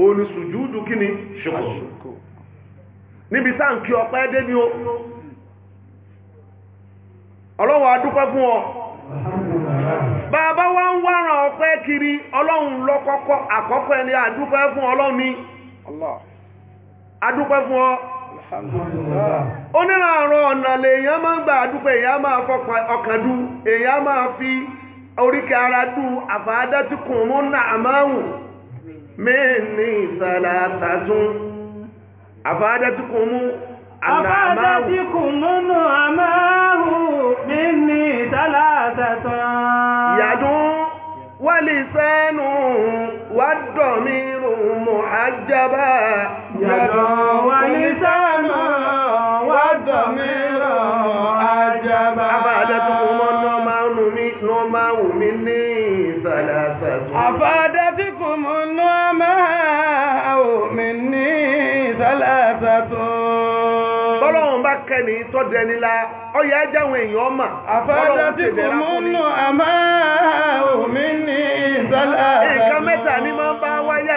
òun ni sùjúdù kí ọlọ́run adúpẹ́ fún ọ bàbá wa ń wárán ọpẹ́ kiri ọlọ́run lọ́kọ́kọ́ àkọ́kọ́ ẹni adúpẹ́ fún ọlọ́run ni adúpẹ́ fún ọ onírànràn ọ̀nà èyàn máa ń gbà adúpẹ́ máa fọkàn ọkàn dú máa fi oríkẹ́ ara dú mú náà mẹ́ẹ̀ni ìsàlẹ̀ àtàtún عجبا يدا ولسانا وضميرا عجبا أفادتكم النعماء مني ثلاثة أفادتكم النعماء مني ثلاثة Ọlọ́run bá kẹni tó dẹni ọyá jáwọn èèyàn ọmọ. Àfẹ́dá kò múnú àmá òmí ní ìsọ́lá àfẹ́dá. mẹ́ta ní máa bá wáyà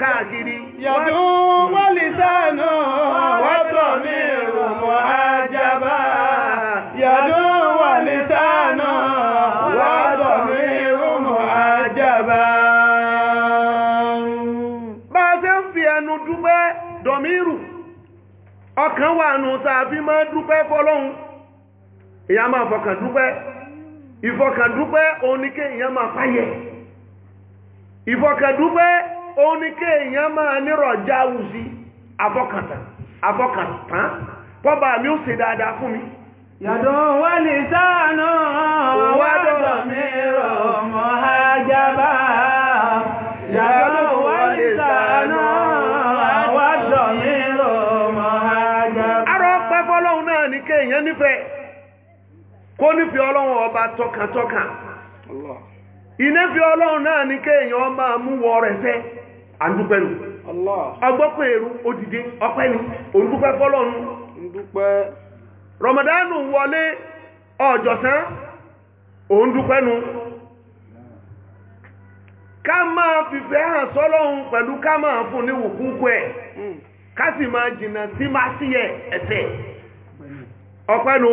káàkiri. yàtọ̀ wálìsánù wàtọ̀ mi rùmọ̀ ajábá. yàtọ̀ wálìsánù wàtọ̀ mi rùmọ̀ ajábá. bá a ṣe ń fi ẹnu dúpẹ́ dọ̀míìrù ọkàn wà nù tá fi máa dúpẹ́ fọlọ́hún Ìyá máa fọkàn dúpẹ́ ìfọkàn dúpẹ́ òun ni ìyá máa òun ni ma èèyàn máa nírọ̀já wuzi afọ́kàntán mi o sedada dáadáa mi. yàtọ̀ wà ní sáànà wà dọ̀ mí rọ̀ mọ́ ajábá yàtọ̀ wà ní sáànà wà dọ̀ mí rọ̀ mọ́ ni ọba ìnẹ́bí ọlọ́run náà ní kéèyàn máa mú wọ rẹ̀ fẹ́ àdúpẹ́nu ọgbọ́pẹ́ èrú ọpẹ́ni òǹdúpẹ́ fọ́lọ́run rọmọdánù wọlé ọjọ̀sán òǹdúpẹ́nu ká máa fìfẹ́ hàn sọ́lọ́run pẹ̀lú ká máa fún ní ẹ̀ hmm. ká sì máa sí máa sí ẹ̀ ẹ̀tẹ̀ ọpẹ́nu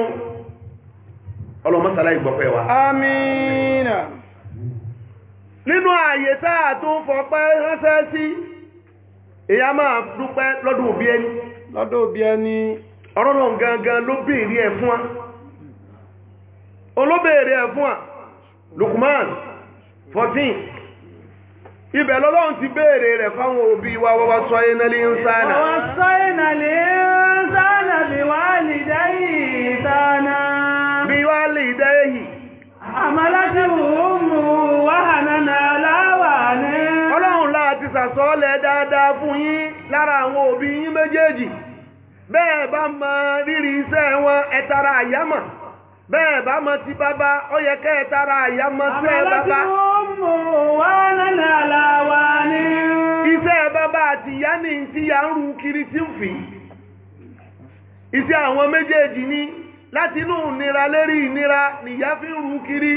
wa. nínú ààyè táà tó ń fọpẹ́ ránṣẹ́ sí èyà máa dúpẹ́ lọ́dún òbí ẹni lọ́dún òbí ẹni ọ̀rọ̀lọ́n gangan ló béèrè ẹ̀ fún wa olóbèèrè ẹ̀ fún wa Lukman 14 ibẹ̀ lọ́lọ́run ti béèrè rẹ̀ fáwọn òbí wa wọ́wọ́ sọ ayé náà ń sáà náà dáadáa fún yín lára àwọn òbí yín méjèèjì bẹ́ẹ̀ bá mọ rírì iṣẹ́ wọn ẹ̀tara àyámọ̀ bẹ́ẹ̀ bá mọ ti bàbá ó yẹ kẹ́ ẹ̀tara àyámọ̀ sí bàbá. iṣẹ́ bàbá àti ìyá ní ti ya ń ru kiri tí ń fi iṣẹ́ àwọn méjèèjì láti inú ìnira lérí ìnira nìyá fi ń ru kiri.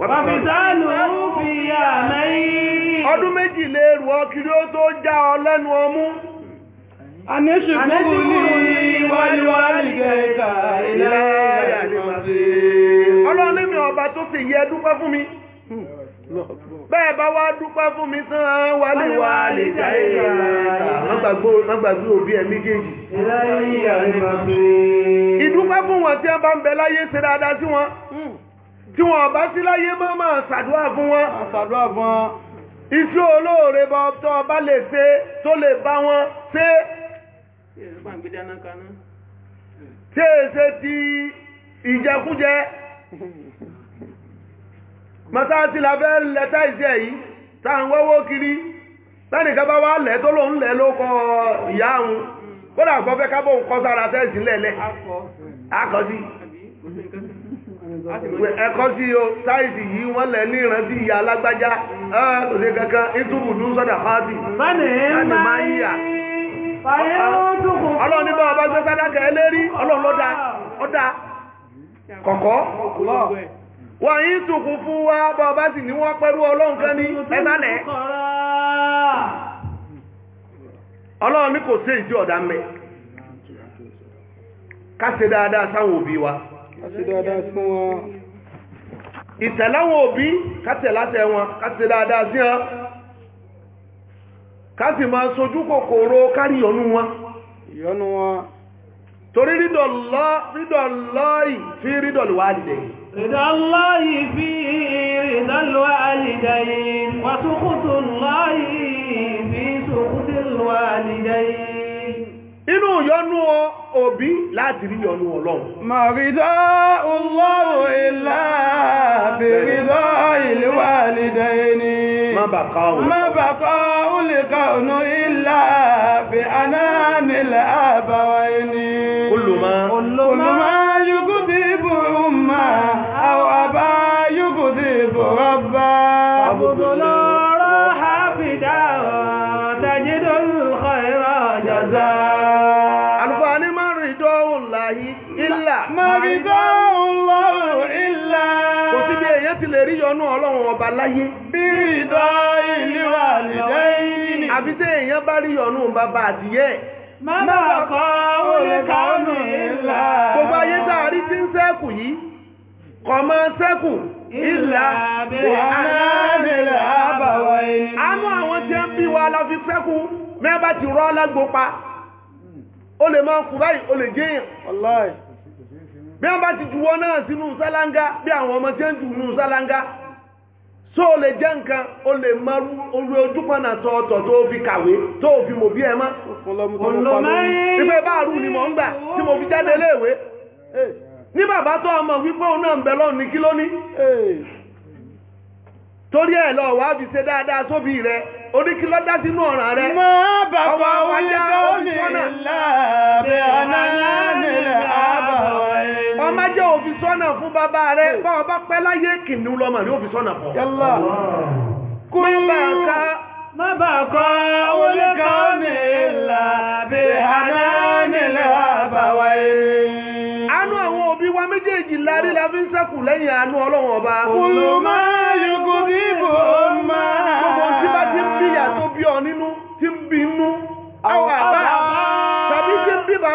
wàbí sáà lòún fi yà mẹ́yìn. ọdún méjì lè rù ọ kiri ó tó já ọ lẹ́nu ọmú àníṣùkúrú ní wáyíwáyígẹ̀ẹ́gà bẹ́ẹ̀ bá wá dúpẹ́ fún mi tán wà lè wà lè jà ìgbàgbé òbí ẹ̀ méjèèjì ìdúpẹ́ fún wọn tí a bá ń bẹ láyé ṣe dáadáa sí wọn tí wọn ọba sí láyé mọ́ máa ṣàdúrà fún wọn iṣẹ́ olóòrè bá ọ̀tọ́ ọba lè ṣe tó lè bá wọn ṣe ṣe ṣe ti ìjẹkújẹ mọ́sáàtì lábẹ́ lẹ́tà iṣẹ́ yìí tàà ń wọ́wọ́ kiri lẹ́nìkan bá wá lẹ́ tó lóun lẹ́ ló kọ ìyá àwọn kódà gbọ́fẹ́ kábọ̀ ń kọ́ sára tẹ́ẹ̀sì ẹ̀kọ́ sí o sáìsì yìí wọ́n lẹ̀ ní ìran bí ìyá alágbájá ọ̀sẹ̀ kankan ìtúbùdú sọ́dà fáàtì láti máa ń yà ọlọ́run ní bọ́ọ̀ bá gbé sádákà ẹlẹ́rí ọlọ́run ló dá ọ̀dá kọ̀kọ́ wà yí tùkù fún wa bọ́ọ̀ bá sì ní wọ́n pẹ̀lú ọlọ́run kan ní ẹ̀bálẹ̀ ọlọ́run ní kò sí ìjọ ọ̀dá mẹ́ ká ṣe dáadáa sáwọn òbí wa àti dáadáa wọn ìtẹ̀láwọn òbí kátẹ̀ wọn sí kásì máa sojú kòkòrò kárí yọnú wọn Yọnú wọn torí rídọ̀ fi rídọ̀ lọ́wọ́ fi ọ òbí láti rí ọ̀nà ọlọ́run. màrídá ọlọ́run ilá àbèrèdá ìléwà lìdá ẹni. má bàkà òun. má bàkà òun lè ka ọ̀nà ilá àbẹ̀ anáàmì làbàwá ẹni. olùmọ̀. olùmọ̀. ìyọnú ọlọ́run ọba láyé. bí ìdọ́ ìlú àlùjẹ́ yìí. àbí tí èèyàn bá rí ìyọnú bàbá àtìyẹ́. máa kọ́ olè kánú ìlà. gbogbo ayé tá a rí tí ń sẹ́kù yìí kò máa sẹ́kù. ìlà bí anáàlè àbàwọ̀ yìí. àánú àwọn tí ń bí wa la sẹ́kù mẹ́bà ti rọ́ lágbo pa. lè máa kú báyìí o lè jẹ́yàn. bí wọ́n bá ti juwọ́ náà sínú sálángá bí àwọn ọmọ tí ń jù nínú sálángá tó o lè jẹ́ nǹkan o lè máa orí ojúpọ̀ náà tọ ọ̀tọ̀ tó kàwé tó mò bí ẹ má ìfẹ́ ni mò ń gbà ti mo fi jáde léèwé ní bàbá tó ọmọ wípé òun náà ní kí torí lọ wá fi ṣe dáadáa sóbì rẹ dá sínú rẹ ọ̀nà ọlọ́run má jẹ́ òfin sọ́nà fún bàbá rẹ̀ báwọn bá pẹ́ láyé kìnnìún lọ́mọ ní òfin sọ́nà fún Má bà kọ́ olùkọ́ mi bí àná nílẹ̀ àbàwà èrè wa méjèèjì lárí la fi ń sẹ́kù lẹ́yìn àánú ọlọ́run ọba. olùmọ yòókù bí bò máa. gbogbo tí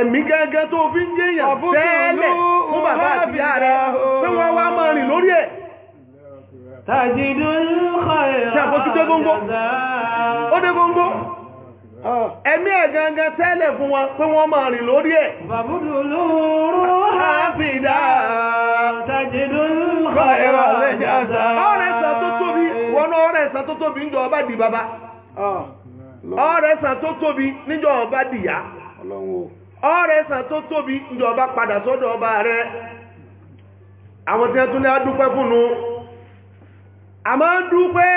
ẹ̀mí gẹ́gẹ́ tó fi ń jẹ́ èèyàn tẹ́lẹ̀ fún bàbá àti ìyá rẹ̀ pé wọ́n wá máa rìn lórí ẹ̀ ẹ̀mí ẹ̀gangan tẹ́lẹ̀ fún wọn pé wọ́n máa rìn lórí ẹ̀ bàbúdù lóòrò àfìdá tàjídùn kọ̀ ẹ̀rọ lẹ́jọ́ta ọ̀rẹ́ ẹ̀sàn tó tóbi wọ́n náà ọ̀rẹ́ ẹ̀sàn ah. tó tóbi níjọ ọba dì bàbá ọ̀rẹ́ tó tóbi níjọ ọba dìyà ọlọ́run Ọrịa ẹ̀san tó tóbi ndọ ọba padà sọ́dọ̀ ọba rẹ àwọn tí wọ́n tún ní adúpẹ́ fúnnu a máa ń dúpẹ́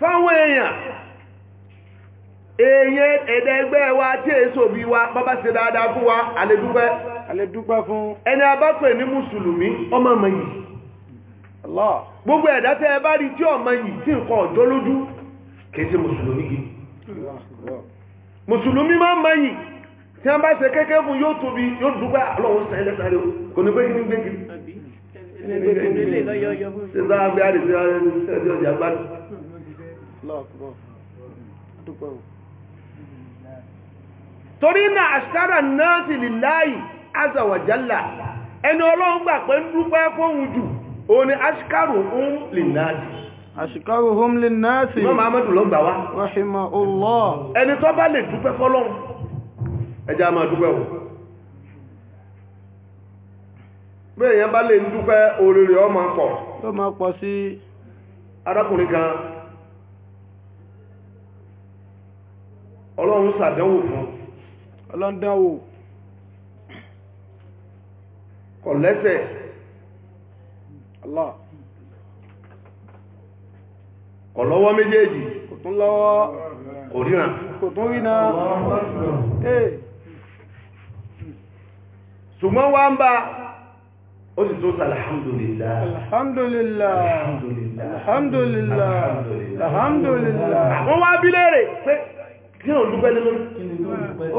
fáwọn èèyàn èèyàn ẹ̀dẹ̀ ẹgbẹ́ wa tí èso bí wa bàbá ṣe dáadáa fún wa àledúpẹ́ àledúpẹ́ fún ẹni abápẹ̀ ní mùsùlùmí ọmọ mọ̀ gbogbo ẹ̀dá tẹ́ ẹ bá rí tí ọmọ yìí tí lójú kìí mùsùlùmí mùsùlùmí tí a bá ṣe kéèké fún yóò tóbi yóò dúpẹ́ ọlọ́run sàn kò ní gbégi ní gbégi. ṣé sáà bí a lè ṣe ẹjọ́ ìjà gbádùn. torí gbà ẹni tó bá lè dúpẹ́ fọ́lọ́run ẹjá máa dúpẹ́ o bí èèyàn bá lè ń dúpẹ́ oríire ọmọ pọ̀ tó máa pọ̀ sí arákùnrin kan ọlọ́run ṣàdánwò fún ọlọ́dánwò kò lẹ́sẹ̀ Allah kò lọ́wọ́ méjèèjì kò tún lọ́wọ́ kò ríran ṣùgbọ́n wá ń bá ó sì tó alhamdulillah alhamdulillah alhamdulillah alhamdulillah àwọn wá bí lẹ́rẹ̀ pé kí o dúpẹ́ lé lórí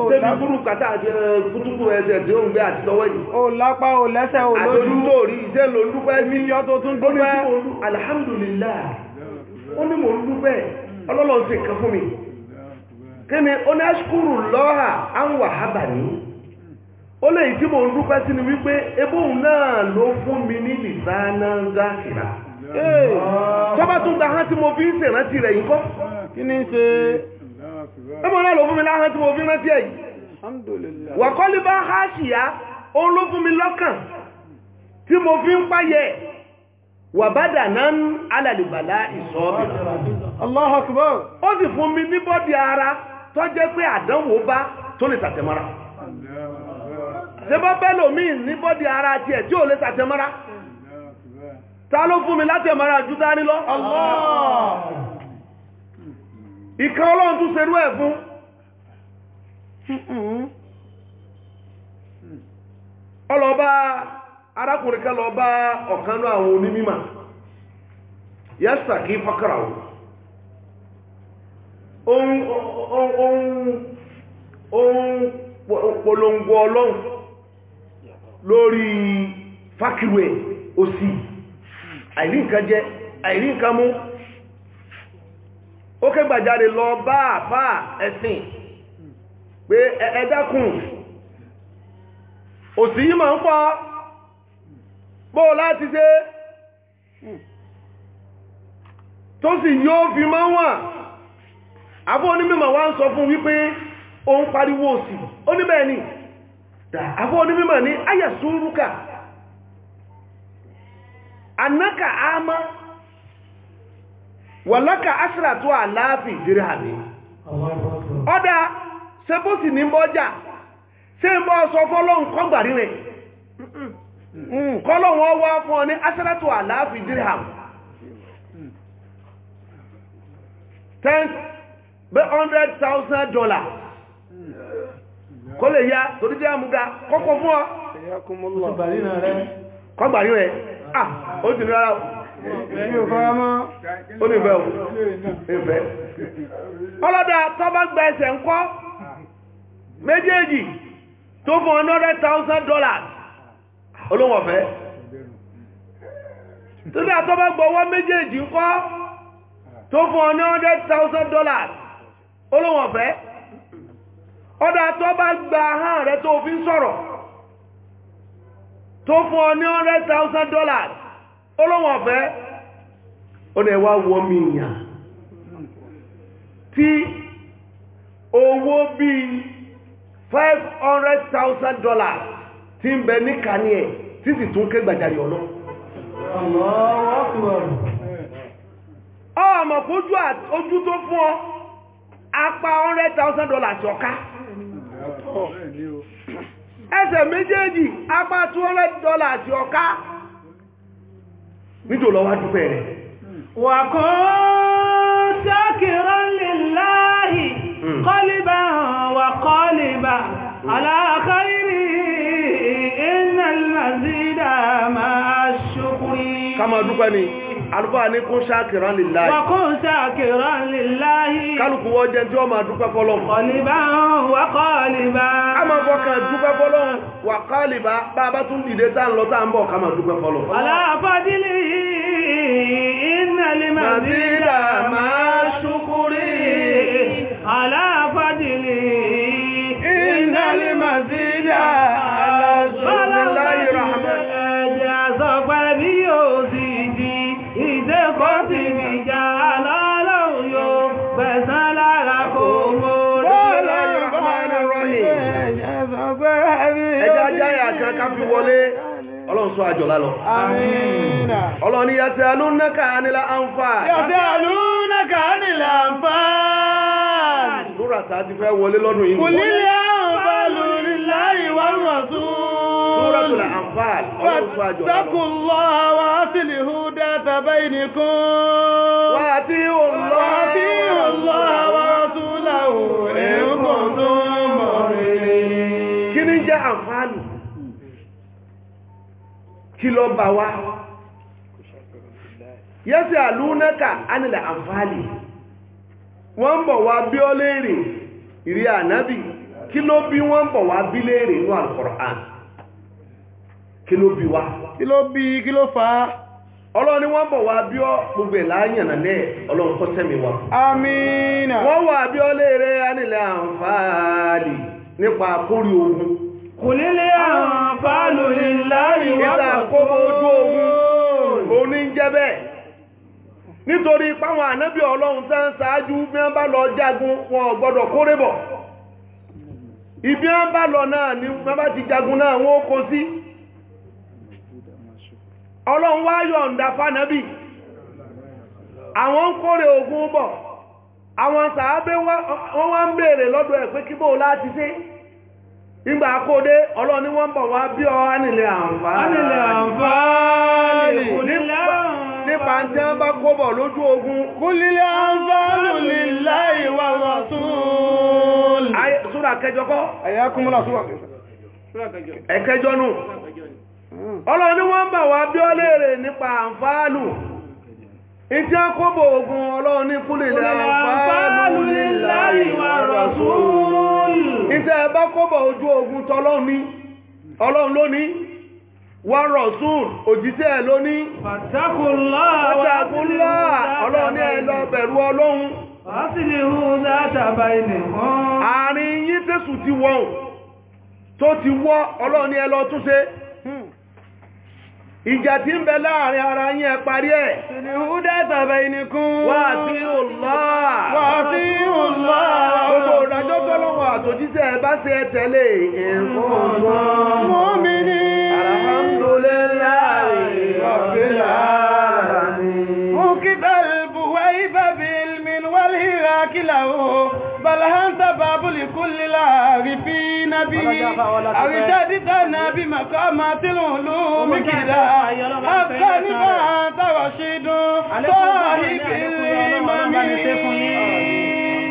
tẹ́bí búrú kàtà àti kútùkù ẹsẹ̀ tí ó ń gbé àti lọ́wọ́ yìí o lápá o lẹ́sẹ̀ o lójú tó rí iṣẹ́ ló dúpẹ́ mílíọ́ tó tún dúpẹ́ alhamdulillah ó ní ó lè tí mo ń dúpẹ́ sí ni wípé ebóhùn náà ló fún mi ní lìsánà gáàkìrà tọ́bá tún gba tí mo fi ń ṣèrántí rẹ̀ yìí kọ́ kí ní ṣe ẹmọ́ náà ló fún mi láhán tí mo fi rántí ẹ̀ yìí bá ó ló fún mi lọ́kàn tí mo fi ń páyẹ wàbádà náà ń alàlùbàlá ìṣọ́bì mi ní bọ́dì ara pé àdánwò bá tó lè tàtẹ̀mọ́ra ṣébọ́ pẹ́lú mi ní bọ́dì ara tiẹ̀ tí ò lè ṣàtẹ̀mọ́ra ta ló fún mi láti ẹ̀mọ́ra jù dání lọ ìkan ọlọ́run tún ṣerú ẹ̀ fún ọlọ́ba arákùnrin kan lọ bá ọ̀kanú àwọn onímímà yẹ́sà kí o ohun polongo ọlọ́run lórí fákiwé òsì àìrí nǹkan jẹ àìrí nǹkan mú ó ké kẹgbàjáde lọ bá àfá ẹ̀sìn pé ẹ̀ẹ́dẹ́kùn òsì yí ma ń pọ́ bó láti ṣe tó sì yóò fi máa wà àbó onímọ̀ wá ń sọ fún wípé òun pariwo òsì oníbẹ̀ẹ́ni afọ ni mima ni aya suruka annaka ama wallaka asira to alafi diri hami ọda sebosi ni mboja se mbo so fọlọ nkan gbari re mm ko lo won wa fun ni asiratu dollars kó lè ya torí jẹ́ àmúga kọ́kọ́ fún ọ kọ́gbàrí rẹ̀ ah ó ti rárá ó ní ìfẹ́ ìfẹ́ ọlọ́dà tó bá gba ẹsẹ̀ ńkọ́ méjèèjì tó fún hundred thousand dollars olóhùn ọ̀fẹ́ tó dà tó bá gba owó méjèèjì ńkọ́ tó fún hundred thousand dollars olóhùn ọdá tó bá gba ahán rẹ tó fi ń sọ̀rọ̀ tó fún ọ ní hundred thousand dollars olóhùn ọ̀fẹ́ mi tí owó bíi five hundred dollars ti ń bẹ ní kàní ẹ̀ tí sì tún ké gbàjarì ọ̀nà. ọmọ kójú tó fún ọ hundred thousand dollars ẹsẹ̀ méjèèjì apá two hundred dollars àti ọ̀ká nítorí lọ́wọ́ dúpẹ́ rẹ̀. wà kó ṣákìrán lillahi kọ́líbà wà kọ́líbà aláàkárí iná mazida máa kama dúpẹ́ ni alùpàá ní kún ṣáàkìrán lè láàyè. wọ́n kún ṣáàkìrán lè láàyè. kálukú wọ́n jẹ́ tí wọ́n máa dúpẹ́ fọlọ́n. ọ̀nìbá wà kọ́ọ̀lìbá. ká máa fọkàn dúpẹ́ fọlọ́n wà kọ́ọ̀lìbá bá a bá tún ọlọ́run sọ àjọ̀lá lọ. ọlọ́run ni yàtí alúnàkà nílá àǹfà. yàtí alúnàkà nílá àǹfà. lóra tá a ti fẹ́ wọlé lọ́dún yìí. kùlílẹ̀ àǹfà lórí láì wà rọ̀tún. lóra tó la àǹfà ọlọ́run sọ àjọ̀lá lọ. wàtàkùnlọ́ wa sílìhù dá tàbá ìnìkún. wà á ti ò lọ́. wà á ti ò kí ló bá wá yẹ́sẹ̀ àlúnẹ́kà ánìlẹ̀ àǹfààlì wọ́n ń bọ̀ wá bí ó léèrè ìrí ànábì kí ló bí wọ́n ń bọ̀ wá bí léèrè inú al àn kí ló bí wá kí ló bí bọ̀ wá bí ó gbogbo ẹ̀ wa wọ́n wà bí ó léèrè kùlílé àwọn fàálù ìlàrí nítorí páwọn ànábì ọlọ́run tán sáájú bí wọ́n bá lọ jagun wọn ò kórè bọ̀ ibi wọ́n bá lọ náà ni wọ́n bá ti jagun náà wọ́n kó sí ọlọ́run àwọn ogun bọ̀ àwọn sàábé wọ́n wá ń lọ́dọ̀ ẹ̀ pé kíbò ìgbà àkóde ọlọ́run ni wọ́n bọ̀ wá bí ọ ánìlẹ̀ àǹfààní ogun kúlílẹ̀ àǹfààní wa rasul súra wọ́n bọ̀ wá bí ọ léèrè nípa àǹfààní kóbọ̀ ogun ní kúlílẹ̀ àǹfààní tẹ́ ẹ bá kóbọ̀ ojú ogun tọ́lọ́ni ọlọ́run lóní wọ́n rọ̀ sùn òjíṣẹ́ ẹ̀ lóní fàtàkùnlá ọlọ́run ní lọ bẹ̀rù ọlọ́run àárín ti wọ́n tó ti wọ́ ọlọ́run ẹ lọ túnṣe ìjà tí ń bẹ láàrin ara yín ẹ parí ẹ̀ ìhúdá tàbẹ̀ ìníkún wà sí ọlá gbogbo ìdájọ́ tọ́lọ́wọ́ àtòjíṣẹ́ ẹ bá ṣe tẹ̀lé e. mọ́mí ní alhamdulillah rabbil alamin آكله بل أنت باب لكل العارفين به أرشدتنا بمقامات العلوم كلا أفغان فأنت رشيد صاحب الإمام